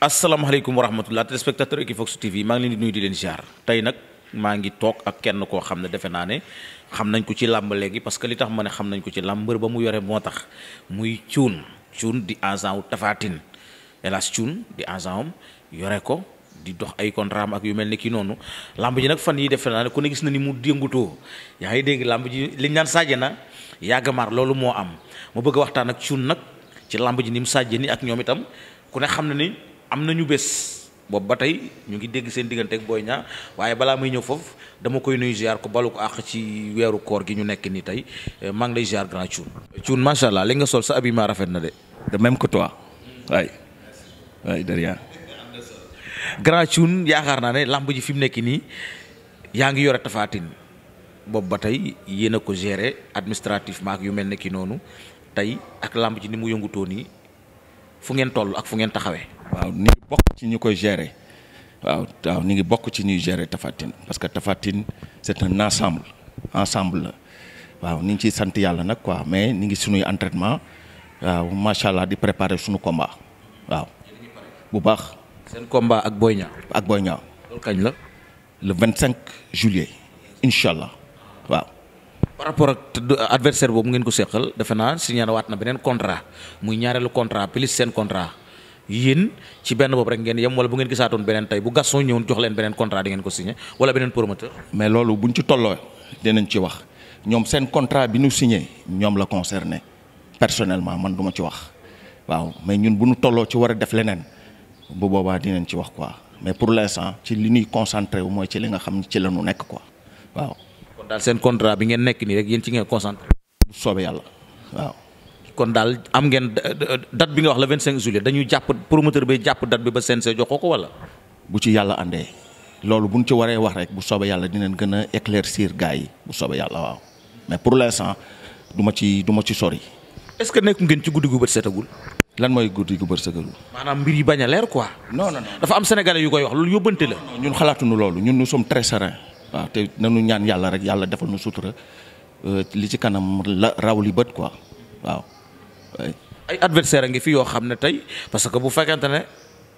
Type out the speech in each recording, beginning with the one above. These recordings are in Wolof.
asalaamaaleykum wa rahmatulah téléspectateur Equivox TV maa ngi leen di nuyu di leen ziar tey nag maa ngi toog ak kenn koo xam ne defe naa ne xam nañ ko ci làmb léegi parce que li tax ma ne xam nañ ko ci làmb mbër ba mu yore moo tax muy cuun cuun di agent wu Tafatine hélas cuun di agent am yore ko di dox ay contrat ak yu mel ni kii noonu làmb ji nag fan yi defe naa ne ku ne gis na ni mu déngutoo yaa ngi dégg làmb ji liñ naan sàjje na yàgg maar loolu moo am mu bëgg a waxtaan ak cuun nag ci làmb ji ni mu sàjje ni ak ñoom itam ku ne xam na ni. am na ñu bés boobu ba tey ñu ngi dégg seen diggante ak Boy Niang waaye balaa muy ñëw foofu dama koy nuyu ziar ko balu ko àq ci weeru koor gi ñu nekk nii tey eh, maa ngi lay ziar grand Thioune. macha allah li nga sol sa habillement rafet na de. de même que toi. waay yaakaar naa ne lamb ji fi mu nekk nii yaa ngi yore tafaatin boobu ba tey yéen a ko gérer administrativement ak yu mel ne ki noonu tey ak lamb ji ni mu yëngutoo nii fu ngeen toll ak fu ngeen taxawee. waaw ni ngi bokk ci ñu koy gérer waaw waaw ni ngi bokk ci ñuy gérer Tapha parce que Tapha Tine c'est un ensemble ensemble la waaw ni ngi ciy sant yàlla nag quoi mais ni ngi suñuy entraînement waaw macha allah di préparer suñu combat waaw bu baax. seen combat ak Boy Niang ak Boy Niang loolu la. le 25 juillet incha allah waaw. par rapport ak adversaire boobu ngeen ko seqal defe naa signé waat na beneen contrat muy ñaareelu contrat plus seen contrat. yéen ci benn boobu rek ngeen yem wala bu ngeen gisaatoon beneen tey bu Gaston ñëwoon jox leen beneen contrat di ngeen ko signé wala beneen promoteur. mais loolu buñ ci tolloo dinañ ci wax ñoom seen contrat bi ñu signé ñoom la concerné personnellement man du ma ci wax waaw mais ñun bu ñu tolloo ci war a def leneen bu boobaa dinañ ci wax quoi mais pour l'instant ci li ñuy concentré wu mooy ci li nga xam ci la ñu nekk quoi waaw. kon daal seen contrat bi ngeen nekk nii rek yéen ci ngeen concentré. bu soobee yàlla waaw. kon daal am ngeen euh, euh, date bi nga wax la 25 juillet dañuy jàpp promoteur bi jàpp date bi ba CNG jox ko wala. bu ci yàlla àndee loolu bu ñu ci waree wax rek bu soobee yàlla dinañ gën a éclaircir gars yi bu soobee yàlla waaw mais pour l'instant du ma ci du ma ci sori. est-ce que nekk ngeen ci guddi gu bët seetagul lan mooy guddi gu bër sëgëru maanaam mbir yi bañ a leer quoi. non non dafa am sénégalais yu koy wax loolu yóbbante la. ñun xalaatuñu loolu ñun nous sommes très sereins. waaw te nañu ñaan yàlla rek yàlla defal nu sutura euh, li ci kanam la raw li bët quoi waaw. ay adversaire a ngi fi yoo xam ne tey parce que bu fekkente ne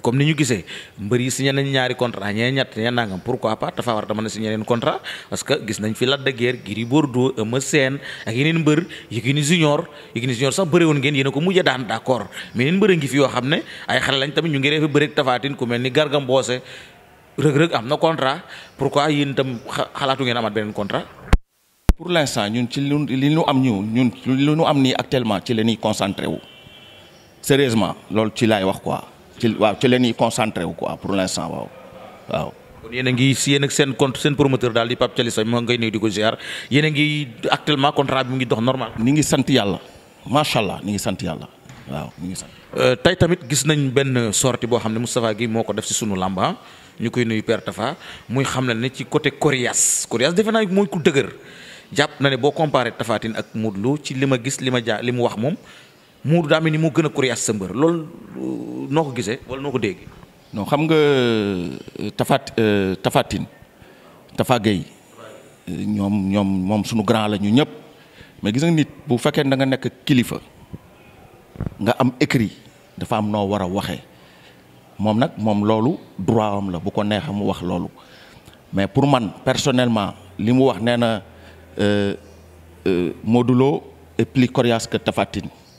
comme ni ñu gisee mbër yi signé nañ ñaari contrat ñee ñett ñee nangam pourquoi pas dafa war a mën a signé contrat parce que gis nañ fi Lac de Guiers Gris Bordeaux Eumeu Sène ak yeneen mbër Yékini Junior Yékini Junior sax bëre woon ngeen yéen a ko mujj daan d'accord mais yeneen mbër a ngi fi yoo xam ne ay xale lañ tamit ñu ngi reefe bëre ak ku mel ni Garga Mbossé Reug Reug am na contrat pourquoi yéen xalaatu ngeen amaat beneen contrat pour l' instant ñun ci li ñu am ñu ñun li ñu am nii actuellement ci la ñuy concentré wu sérieusement loolu ci laay wax quoi ci waaw ci la ñuy concentré wu quoi pour l' instant waaw waaw. kon yéen a ngi si yéen ak seen compte seen promoteur daal di Pape Thialis moo ngay nuy di ko ziar yéen a ngi actuellement contrat bi mu ngi dox normal. ni ngi sant yàlla macha allah ni ngi sant yàlla waaw ni ngi sant. Euh, tey tamit gis nañ benn sortie boo xam ne Moustapha gi moo ko def si sunu làmba ñu koy nuyu Père Tafa muy xam ne ne ci côté Coriace Coriace defe naa mooy ku dëgër. jàpp na ne boo comparé Tapha ak Modou Lo ci li ma gis li ma jaa li mu wax moom Modou daa mel ni mu gën a coriace sa mbër loolu euh, noo ko gisee wala noo ko déggee. noo xam nga euh, Tapha euh, Tapha Tine Tapha Gueye ñoom ñoom moom suñu grand la ñu ñëpp mais gis nga nit bu fekkee da nga nekk kilifa nga am écrit dafa am noo war a waxee moom nag moom loolu droit am la bu ko neexee mu wax loolu mais pour man personnellement li mu wax nee na. Euh, euh, Modou Lo est plus coriace que Tapha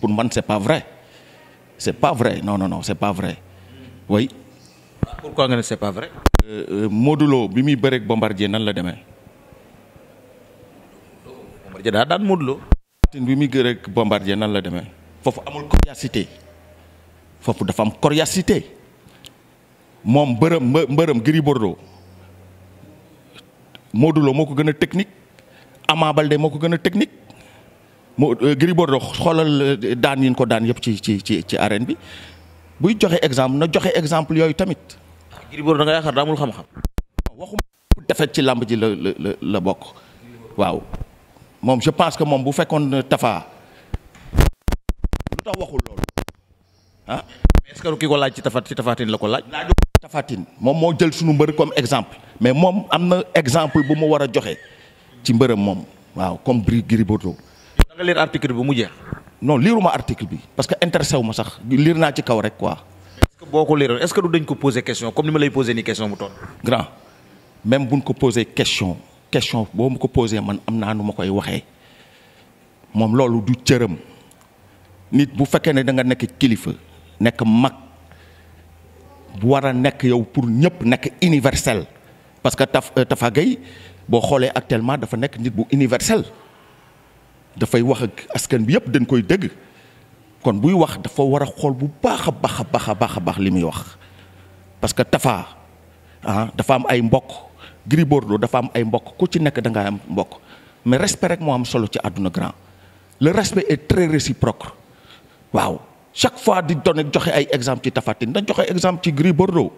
pour man c'est pas vrai c'est pas vrai non non non c'est pas vrai oui. pourquoi nga ne c'est pas vrai. Euh, Modou bi muy bëreeg Bombardier nan la demee. Bombardier daa daan Modou Lo. bi muy bëreeg Bombardier nan la demee. foofu amul coriacité foofu dafa am coriacité moom mbërëm mbërëm Gris moo ko gën a technique. Ama de moo ko gën a technique mu euh, Gris Bordeaux xoolal euh, daan yi ñu ko daan yëpp ci ci ci ci arène bi buy joxe exemple na joxe exemple yooyu tamit. Gris Bordeaux da nga yaakaar daa amul xam ci làmb ji la la la bokk waaw moom je pense que moom bu fekkoon euh, Tafa lu tax waxul loolu ah. est-ce ki ko laaj ci Tafa ci Tafatine la ko laaj. laajoo Tafatine moom moo jël sunu comme exemple mais moom am na exemple bu mu war a joxe. ci mbërëm moom waaw comme Bri Gris Bordeaux. da nga lire article bi mu jeex. non liiruma article bi parce que intéressé wu ma sax liir naa ci kaw rek quoi. est-ce que boo ko liiroon est-ce que du dañ ko poser question comme ni ma lay poser nii question mu toll. grand même buñ ko poser question question boo ma ko poser man am naa nu ma koy waxee moom loolu du cëram nit bu fekkee ne da nga nekk kilifa nekk mag bu a nekk yow pour ñëpp nekk universel. parce que taf euh, Tafa boo xoolee actuellement dafa nekk nit bu universel dafay wax ak askan bi yëpp dañ koy dégg kon buy wax dafa war a xool bu baax a baax a baax a baax a baax li muy wax parce que Tafa ah dafa am ay mbokk Gris Bordeaux dafa am ay mbokk ku ci nekk da ngaa am mbokk mais respect rek moo am solo ci àdduna grand le respect est très réciproque waaw chaque fois di donne joxe ay exemple ci Tapha Tine dañ joxe exemple ci Gris Bordeaux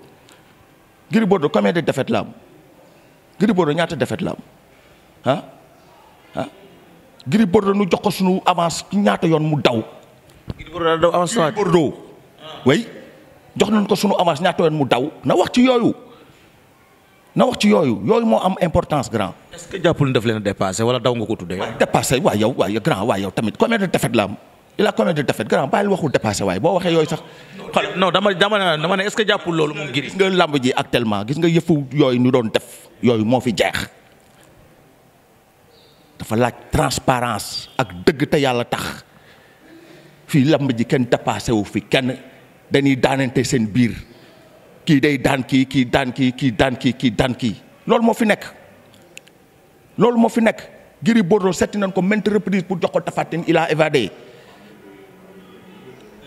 Gris Bordeaux combien de défaites la Gris Bordeaux ñaata defet la am ah ah Gris Bordeaux nu jox ko suñu avance ñaata yoon mu daw. Gris Bordeaux daw avance Gris jox nañ ko suñu avance ñaata yoon mu daw na wax ci yooyu na wax ci yooyu yooyu moo am importance grand. jàppul daf leen a dépassé wala daw nga ko tuddee. dépassé waaw yow waaw grand waaw yow tamit combien de défaite la il a commis du défaite grand bàyyil waxul dépassé waaye boo waxee yooyu sax. non dama dama dama ne est-ce que jàppul loolu moom gis nga làmb ji ñu doon def yooyu moo fi jeex laaj transparence ak dëgg te yàlla tax fii làmb ji kenn wu fi kenn dañuy daanante seen biir kii day daan kii kii daan kii kii daan kii kii daan loolu moo fi nekk loolu moo fi nekk Gris Bordeaux setti nañ ko maintes reprises pour jox ko Tapha Tine il a évadé.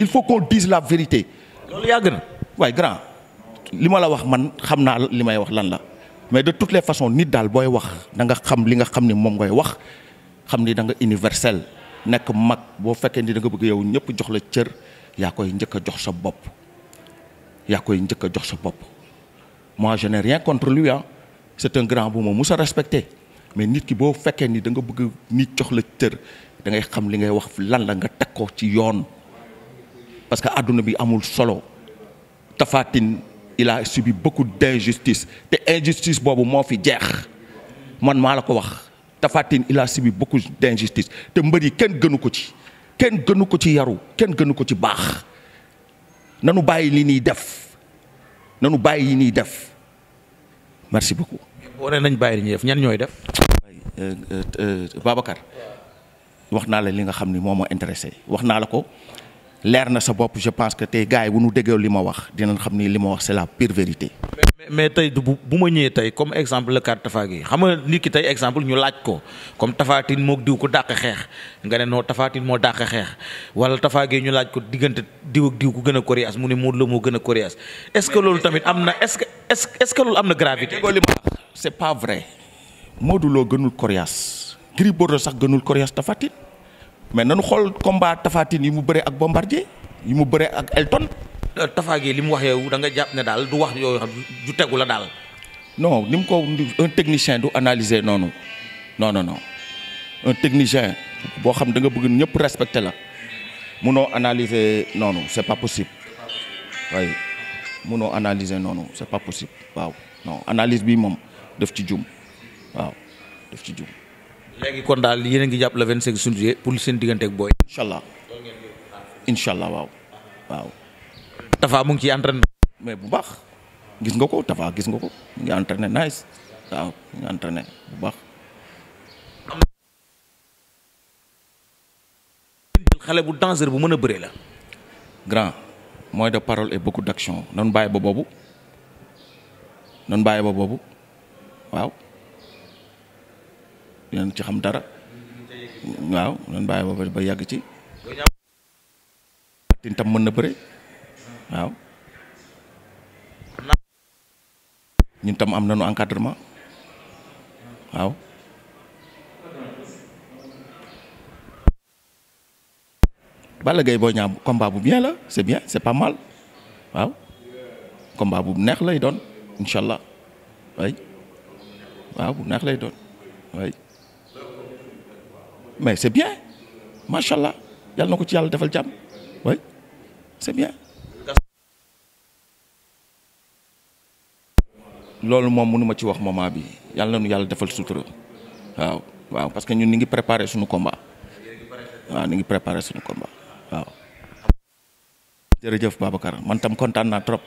il faut qu'on dise la vérité. loolu yàgg na waaye grand li ma la wax man xam naa li may wax lan la mais de toutes les façons nit daal booy wax da xam li nga xam ni moom ngay wax xam ni da nga universel nekk mag boo fekkee ni da nga bëgg yow ñëpp jox la cër yaa koy njëkk a jox sa bopp yaa koy njëkk a jox sa bopp moi je n'ai contre lui ah c'est un grand bu ma mus respecté mais nit ki boo fekkee ni da nga bëgg nit jox la cër da ngay xam li ngay wax lan la nga teg ko ci yoon. parce que àdduna bi amul solo Tapha Tine il a subi beaucoup d'injustice te injustice boobu moo fi jeex man maa la ko wax Tapha Tine il a subi beaucoup d'injustice te mbër yi kenn gënu ko ci kenn gënu ko ci yaru kenn gënu ko ci baax nanu bàyyi li ñuy def nanu bàyyi li ñuy def merci beaucoup. wane nañ bàyyi li ñan ñooy def. Euh, euh, euh, Babacar wax naa la li nga xam ni moomoo ma wax naa la ko. leer na sa bopp je pense que tey gars yi bu ñu déggee li ma wax dinañ xam ni li ma wax c'est la pure vérité. mais mais tey bu bu ma ñëwee tey comme exemple la carte Tafa gi xam nga nit ki tey exemple ñu laaj ko comme Tapha Tine moo diw ko dàq xeex nga ne noo tafaatin Tine moo dàq xeex wala Tafa ñu laaj ko diggante diw ak diw ku gën a coriace mu ne Modou Lo moo gën a coriace est que loolu tamit am na est que est-ce que loolu am na gravité. li ma wax c'est pas vrai Modou gënul coriace Gris Bordeaux sax gënul coriace Tapha Tine mais nanu xool combat Tapha Tine yi mu bëre ak Bombardier yi mu bëree ak Elton. Euh, Tapha Gueye li mu wax yow da nga jàpp ne daal du wax yooyu xam ju tegu la daal. non ni mu ko un technicien du analyser noonu non non no un technicien boo xam da nga bëgg ñëpp respecter la munoo analyser noonu c'est pas possible waaye munoo analyser noonu c'est pas possible waaw non analyse bi moom def ci jum waaw daf ci jum. léegi kon daal yéen ngi jàpp le 25 juillet pour seen diggante ak booy. incha allah incha allah waaw waaw. Tafa mu ngi ci entraîné. mais bu baax gis nga ko Tafa gis nga ko mu ngi entraîné nice waaw mu ngi entraîné bu baax. xale bu danger bu mën a bëree la. grand mooy de parole et beaucoup d'action noonu bàyyi ba boobu noonu bàyyi ba boobu waaw. dinañ ci xam dara waaw nan bàyyi ba ci tin tam mën na bëre waaw ñun tam am nañu encadrement waaw Balla Gaye Boy Niang combat bu bien la c'est bien c'est pas mal waaw combat bu neex lay doon incha allah waay waaw bu neex lay doon mais c' est bien macha allah yàlla na ko ci yàlla defal jàmm oui c' bien. loolu moom mënuma ci wax moment bi yàlla na nu yàlla defal sutura waaw waaw parce que ñun ñu ngi préparé suñu combat waaw ñu ngi préparé suñu komba waaw. jërëjëf Babacar man tam kontaan naa trop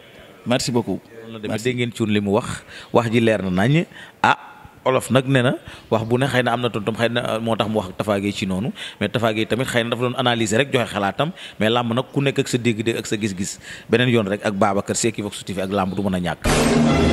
merci beaucoup. merci la cuun li mu wax wax ji leer na nañ ah olof nag ne na wax bu ne xëy na am na tontom xëy na moo tax mu wax tafaagee ci noonu mais tafaagee tamit xëy na dafa doon analyser rek joxe xalaatam mais làmb nag ku nekk ak sa dégg-dégg ak sa gis-gis beneen yoon rek ak Babacar Sy Equivox TV ak làmb du mën a ñàkk